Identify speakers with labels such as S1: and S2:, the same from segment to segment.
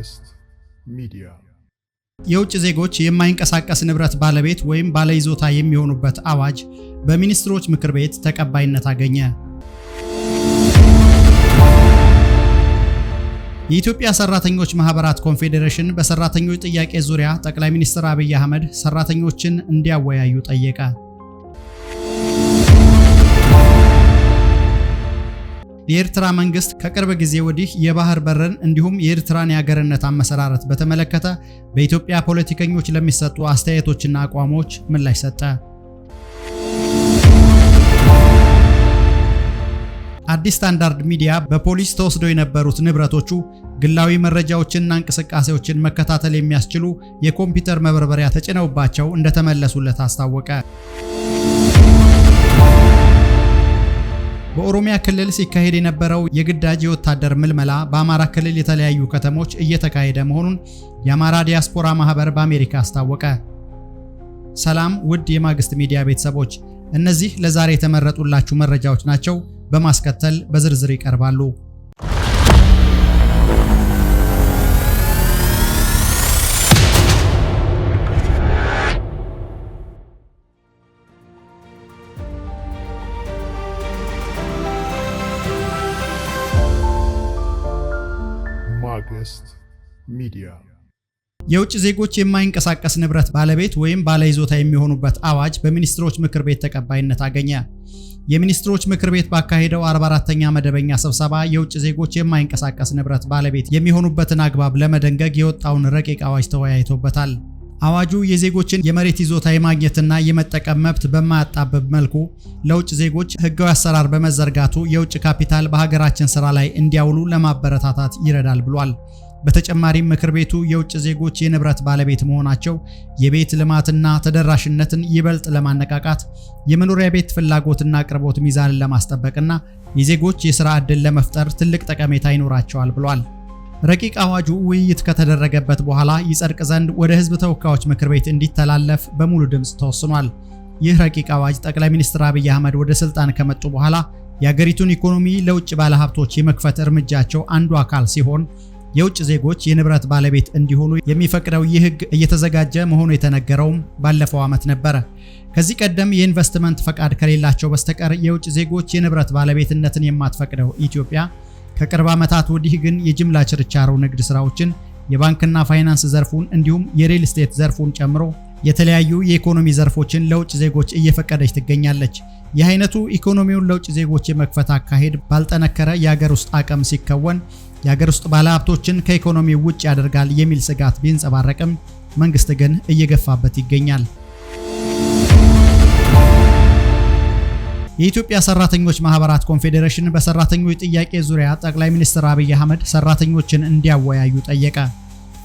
S1: ፖድካስት ሚዲያ የውጭ ዜጎች የማይንቀሳቀስ ንብረት ባለቤት ወይም ባለይዞታ የሚሆኑበት አዋጅ በሚኒስትሮች ምክር ቤት ተቀባይነት አገኘ። የኢትዮጵያ ሰራተኞች ማህበራት ኮንፌዴሬሽን በሰራተኞች ጥያቄ ዙሪያ ጠቅላይ ሚኒስትር አብይ አህመድ ሰራተኞችን እንዲያወያዩ ጠየቀ። የኤርትራ መንግስት ከቅርብ ጊዜ ወዲህ የባህር በርን እንዲሁም የኤርትራን የአገርነት አመሰራረት በተመለከተ በኢትዮጵያ ፖለቲከኞች ለሚሰጡ አስተያየቶችና አቋሞች ምላሽ ሰጠ። አዲስ ስታንዳርድ ሚዲያ በፖሊስ ተወስዶ የነበሩት ንብረቶቹ ግላዊ መረጃዎችንና እንቅስቃሴዎችን መከታተል የሚያስችሉ የኮምፒውተር መበርበሪያ ተጭነውባቸው እንደተመለሱለት አስታወቀ። በኦሮሚያ ክልል ሲካሄድ የነበረው የግዳጅ የወታደር ምልመላ በአማራ ክልል የተለያዩ ከተሞች እየተካሄደ መሆኑን የአማራ ዲያስፖራ ማህበር በአሜሪካ አስታወቀ። ሰላም ውድ የማግስት ሚዲያ ቤተሰቦች፣ እነዚህ ለዛሬ የተመረጡላችሁ መረጃዎች ናቸው። በማስከተል በዝርዝር ይቀርባሉ። ማግስት ሚዲያ የውጭ ዜጎች የማይንቀሳቀስ ንብረት ባለቤት ወይም ባለይዞታ የሚሆኑበት አዋጅ በሚኒስትሮች ምክር ቤት ተቀባይነት አገኘ። የሚኒስትሮች ምክር ቤት ባካሄደው 44 ተኛ መደበኛ ስብሰባ የውጭ ዜጎች የማይንቀሳቀስ ንብረት ባለቤት የሚሆኑበትን አግባብ ለመደንገግ የወጣውን ረቂቅ አዋጅ ተወያይቶበታል። አዋጁ የዜጎችን የመሬት ይዞታ የማግኘትና የመጠቀም መብት በማያጣብብ መልኩ ለውጭ ዜጎች ህጋዊ አሰራር በመዘርጋቱ የውጭ ካፒታል በሀገራችን ስራ ላይ እንዲያውሉ ለማበረታታት ይረዳል ብሏል። በተጨማሪም ምክር ቤቱ የውጭ ዜጎች የንብረት ባለቤት መሆናቸው የቤት ልማትና ተደራሽነትን ይበልጥ ለማነቃቃት የመኖሪያ ቤት ፍላጎትና አቅርቦት ሚዛንን ለማስጠበቅና የዜጎች የስራ ዕድል ለመፍጠር ትልቅ ጠቀሜታ ይኖራቸዋል ብሏል። ረቂቅ አዋጁ ውይይት ከተደረገበት በኋላ ይጸድቅ ዘንድ ወደ ህዝብ ተወካዮች ምክር ቤት እንዲተላለፍ በሙሉ ድምፅ ተወስኗል። ይህ ረቂቅ አዋጅ ጠቅላይ ሚኒስትር አብይ አህመድ ወደ ስልጣን ከመጡ በኋላ የአገሪቱን ኢኮኖሚ ለውጭ ባለሀብቶች የመክፈት እርምጃቸው አንዱ አካል ሲሆን የውጭ ዜጎች የንብረት ባለቤት እንዲሆኑ የሚፈቅደው ይህ ህግ እየተዘጋጀ መሆኑ የተነገረውም ባለፈው ዓመት ነበረ። ከዚህ ቀደም የኢንቨስትመንት ፈቃድ ከሌላቸው በስተቀር የውጭ ዜጎች የንብረት ባለቤትነትን የማትፈቅደው ኢትዮጵያ ከቅርብ ዓመታት ወዲህ ግን የጅምላ ችርቻሮ ንግድ ስራዎችን፣ የባንክና ፋይናንስ ዘርፉን እንዲሁም የሪል ስቴት ዘርፉን ጨምሮ የተለያዩ የኢኮኖሚ ዘርፎችን ለውጭ ዜጎች እየፈቀደች ትገኛለች። ይህ አይነቱ ኢኮኖሚውን ለውጭ ዜጎች የመክፈት አካሄድ ባልጠነከረ የአገር ውስጥ አቅም ሲከወን የአገር ውስጥ ባለሀብቶችን ከኢኮኖሚ ውጭ ያደርጋል የሚል ስጋት ቢንጸባረቅም መንግስት ግን እየገፋበት ይገኛል። የኢትዮጵያ ሰራተኞች ማህበራት ኮንፌዴሬሽን በሰራተኞች ጥያቄ ዙሪያ ጠቅላይ ሚኒስትር አብይ አህመድ ሰራተኞችን እንዲያወያዩ ጠየቀ።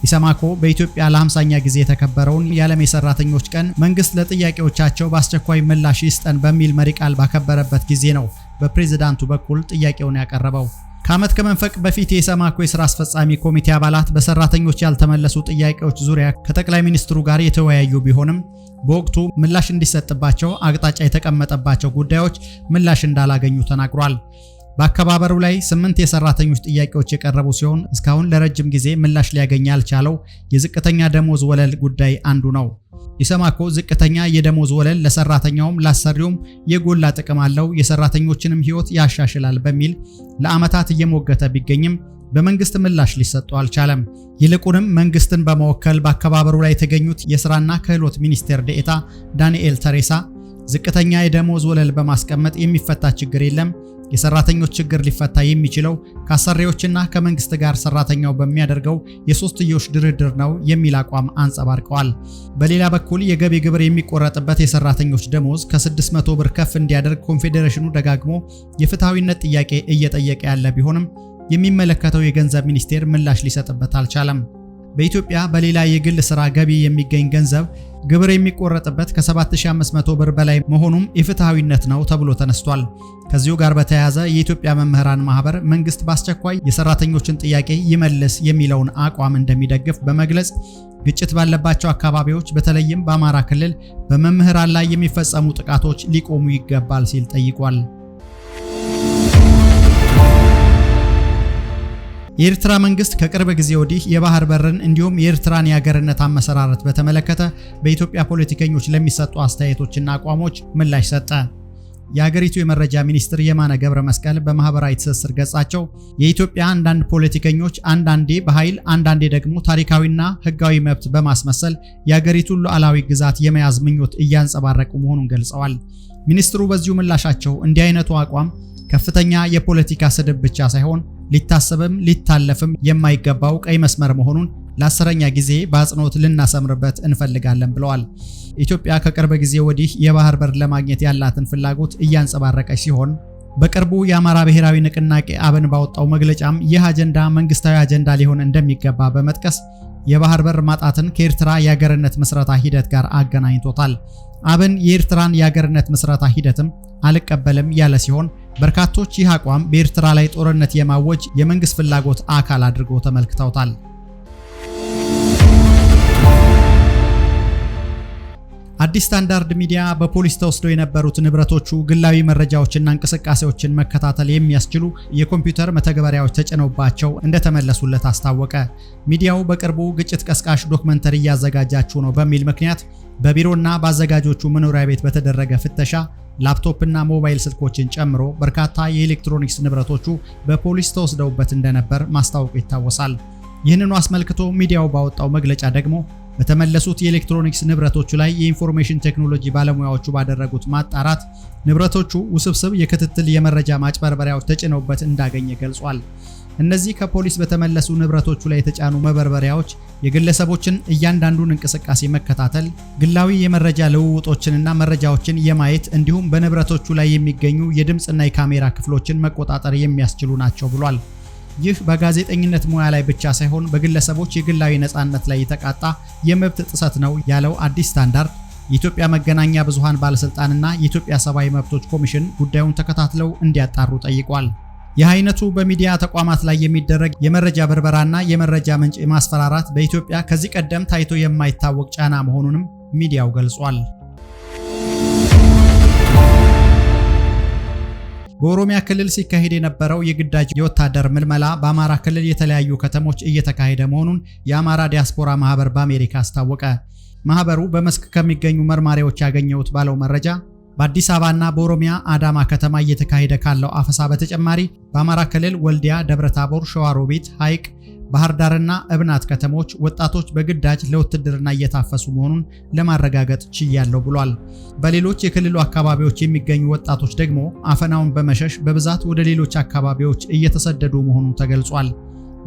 S1: ኢሰማኮ በኢትዮጵያ ለሃምሳኛ ጊዜ የተከበረውን የዓለም የሰራተኞች ቀን መንግስት ለጥያቄዎቻቸው በአስቸኳይ ምላሽ ይስጠን በሚል መሪ ቃል ባከበረበት ጊዜ ነው በፕሬዝዳንቱ በኩል ጥያቄውን ያቀረበው። ከዓመት ከመንፈቅ በፊት የኢሰማኮ የስራ አስፈጻሚ ኮሚቴ አባላት በሰራተኞች ያልተመለሱ ጥያቄዎች ዙሪያ ከጠቅላይ ሚኒስትሩ ጋር የተወያዩ ቢሆንም በወቅቱ ምላሽ እንዲሰጥባቸው አቅጣጫ የተቀመጠባቸው ጉዳዮች ምላሽ እንዳላገኙ ተናግሯል። በአከባበሩ ላይ ስምንት የሰራተኞች ጥያቄዎች የቀረቡ ሲሆን እስካሁን ለረጅም ጊዜ ምላሽ ሊያገኝ ያልቻለው የዝቅተኛ ደሞዝ ወለል ጉዳይ አንዱ ነው። ኢሰማኮ ዝቅተኛ የደሞዝ ወለል ለሰራተኛውም ላሰሪውም የጎላ ጥቅም አለው፣ የሰራተኞችንም ሕይወት ያሻሽላል በሚል ለዓመታት እየሞገተ ቢገኝም በመንግስት ምላሽ ሊሰጠው አልቻለም። ይልቁንም መንግስትን በመወከል በአከባበሩ ላይ የተገኙት የስራና ክህሎት ሚኒስቴር ዴኤታ ዳንኤል ተሬሳ ዝቅተኛ የደሞዝ ወለል በማስቀመጥ የሚፈታ ችግር የለም የሰራተኞች ችግር ሊፈታ የሚችለው ከአሰሪዎችና ከመንግስት ጋር ሰራተኛው በሚያደርገው የሶስትዮሽ ድርድር ነው የሚል አቋም አንጸባርቀዋል። በሌላ በኩል የገቢ ግብር የሚቆረጥበት የሰራተኞች ደሞዝ ከ600 ብር ከፍ እንዲያደርግ ኮንፌዴሬሽኑ ደጋግሞ የፍትሐዊነት ጥያቄ እየጠየቀ ያለ ቢሆንም የሚመለከተው የገንዘብ ሚኒስቴር ምላሽ ሊሰጥበት አልቻለም። በኢትዮጵያ በሌላ የግል ስራ ገቢ የሚገኝ ገንዘብ ግብር የሚቆረጥበት ከ7500 ብር በላይ መሆኑም የፍትሐዊነት ነው ተብሎ ተነስቷል። ከዚሁ ጋር በተያያዘ የኢትዮጵያ መምህራን ማህበር መንግስት በአስቸኳይ የሰራተኞችን ጥያቄ ይመልስ የሚለውን አቋም እንደሚደግፍ በመግለጽ ግጭት ባለባቸው አካባቢዎች በተለይም በአማራ ክልል በመምህራን ላይ የሚፈጸሙ ጥቃቶች ሊቆሙ ይገባል ሲል ጠይቋል። የኤርትራ መንግስት ከቅርብ ጊዜ ወዲህ የባህር በርን እንዲሁም የኤርትራን የሀገርነት አመሰራረት በተመለከተ በኢትዮጵያ ፖለቲከኞች ለሚሰጡ አስተያየቶችና አቋሞች ምላሽ ሰጠ። የሀገሪቱ የመረጃ ሚኒስትር የማነ ገብረ መስቀል በማህበራዊ ትስስር ገጻቸው የኢትዮጵያ አንዳንድ ፖለቲከኞች አንዳንዴ በኃይል አንዳንዴ ደግሞ ታሪካዊና ሕጋዊ መብት በማስመሰል የሀገሪቱን ሉዓላዊ ግዛት የመያዝ ምኞት እያንጸባረቁ መሆኑን ገልጸዋል። ሚኒስትሩ በዚሁ ምላሻቸው እንዲህ አይነቱ አቋም ከፍተኛ የፖለቲካ ስድብ ብቻ ሳይሆን ሊታሰብም ሊታለፍም የማይገባው ቀይ መስመር መሆኑን ለአስረኛ ጊዜ በአጽንኦት ልናሰምርበት እንፈልጋለን ብለዋል። ኢትዮጵያ ከቅርብ ጊዜ ወዲህ የባህር በር ለማግኘት ያላትን ፍላጎት እያንጸባረቀች ሲሆን በቅርቡ የአማራ ብሔራዊ ንቅናቄ አብን ባወጣው መግለጫም ይህ አጀንዳ መንግስታዊ አጀንዳ ሊሆን እንደሚገባ በመጥቀስ የባህር በር ማጣትን ከኤርትራ የአገርነት ምስረታ ሂደት ጋር አገናኝቶታል። አብን የኤርትራን የአገርነት ምስረታ ሂደትም አልቀበልም ያለ ሲሆን በርካቶች ይህ አቋም በኤርትራ ላይ ጦርነት የማወጅ የመንግስት ፍላጎት አካል አድርገው ተመልክተውታል። አዲስ ስታንዳርድ ሚዲያ በፖሊስ ተወስዶ የነበሩት ንብረቶቹ ግላዊ መረጃዎችና እንቅስቃሴዎችን መከታተል የሚያስችሉ የኮምፒውተር መተግበሪያዎች ተጭነውባቸው እንደተመለሱለት አስታወቀ። ሚዲያው በቅርቡ ግጭት ቀስቃሽ ዶክመንተሪ እያዘጋጃችሁ ነው በሚል ምክንያት በቢሮና በአዘጋጆቹ መኖሪያ ቤት በተደረገ ፍተሻ ላፕቶፕና ሞባይል ስልኮችን ጨምሮ በርካታ የኤሌክትሮኒክስ ንብረቶቹ በፖሊስ ተወስደውበት እንደነበር ማስታወቁ ይታወሳል። ይህንኑ አስመልክቶ ሚዲያው ባወጣው መግለጫ ደግሞ በተመለሱት የኤሌክትሮኒክስ ንብረቶቹ ላይ የኢንፎርሜሽን ቴክኖሎጂ ባለሙያዎቹ ባደረጉት ማጣራት ንብረቶቹ ውስብስብ የክትትል የመረጃ ማጭበርበሪያዎች ተጭነውበት እንዳገኘ ገልጿል። እነዚህ ከፖሊስ በተመለሱ ንብረቶቹ ላይ የተጫኑ መበርበሪያዎች የግለሰቦችን እያንዳንዱን እንቅስቃሴ መከታተል፣ ግላዊ የመረጃ ልውውጦችንና መረጃዎችን የማየት እንዲሁም በንብረቶቹ ላይ የሚገኙ የድምፅና የካሜራ ክፍሎችን መቆጣጠር የሚያስችሉ ናቸው ብሏል። ይህ በጋዜጠኝነት ሙያ ላይ ብቻ ሳይሆን በግለሰቦች የግላዊ ነጻነት ላይ የተቃጣ የመብት ጥሰት ነው ያለው አዲስ ስታንዳርድ የኢትዮጵያ መገናኛ ብዙሃን ባለስልጣንና የኢትዮጵያ ሰብአዊ መብቶች ኮሚሽን ጉዳዩን ተከታትለው እንዲያጣሩ ጠይቋል። ይህ አይነቱ በሚዲያ ተቋማት ላይ የሚደረግ የመረጃ ብርበራና የመረጃ ምንጭ ማስፈራራት በኢትዮጵያ ከዚህ ቀደም ታይቶ የማይታወቅ ጫና መሆኑንም ሚዲያው ገልጿል። በኦሮሚያ ክልል ሲካሄድ የነበረው የግዳጅ የወታደር ምልመላ በአማራ ክልል የተለያዩ ከተሞች እየተካሄደ መሆኑን የአማራ ዲያስፖራ ማህበር በአሜሪካ አስታወቀ። ማህበሩ በመስክ ከሚገኙ መርማሪዎች ያገኘሁት ባለው መረጃ በአዲስ አበባና በኦሮሚያ አዳማ ከተማ እየተካሄደ ካለው አፈሳ በተጨማሪ በአማራ ክልል ወልዲያ፣ ደብረታቦር፣ ሸዋሮቢት፣ ሐይቅ ባህር ዳርና እብናት ከተሞች ወጣቶች በግዳጅ ለውትድርና እየታፈሱ መሆኑን ለማረጋገጥ ችያለሁ ብሏል። በሌሎች የክልሉ አካባቢዎች የሚገኙ ወጣቶች ደግሞ አፈናውን በመሸሽ በብዛት ወደ ሌሎች አካባቢዎች እየተሰደዱ መሆኑ ተገልጿል።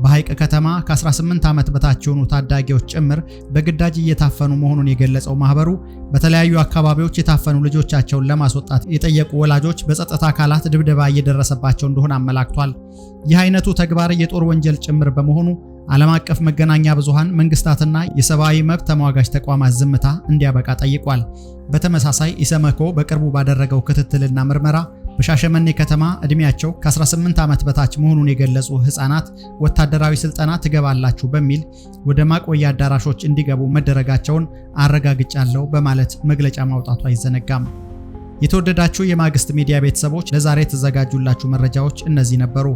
S1: በሐይቅ ከተማ ከ18 ዓመት በታች የሆኑ ታዳጊዎች ጭምር በግዳጅ እየታፈኑ መሆኑን የገለጸው ማህበሩ በተለያዩ አካባቢዎች የታፈኑ ልጆቻቸውን ለማስወጣት የጠየቁ ወላጆች በጸጥታ አካላት ድብደባ እየደረሰባቸው እንደሆነ አመላክቷል። ይህ አይነቱ ተግባር የጦር ወንጀል ጭምር በመሆኑ ዓለም አቀፍ መገናኛ ብዙሃን፣ መንግስታትና የሰብአዊ መብት ተሟጋች ተቋማት ዝምታ እንዲያበቃ ጠይቋል። በተመሳሳይ ኢሰመኮ በቅርቡ ባደረገው ክትትልና ምርመራ በሻሸመኔ ከተማ ዕድሜያቸው ከ18 ዓመት በታች መሆኑን የገለጹ ሕፃናት ወታደራዊ ስልጠና ትገባላችሁ በሚል ወደ ማቆያ አዳራሾች እንዲገቡ መደረጋቸውን አረጋግጫለሁ በማለት መግለጫ ማውጣቱ አይዘነጋም። የተወደዳችሁ የማግስት ሚዲያ ቤተሰቦች ለዛሬ የተዘጋጁላችሁ መረጃዎች እነዚህ ነበሩ።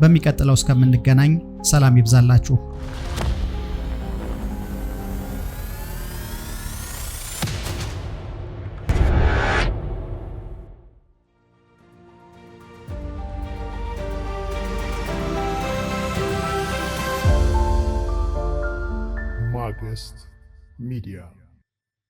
S1: በሚቀጥለው እስከምንገናኝ ሰላም ይብዛላችሁ። Media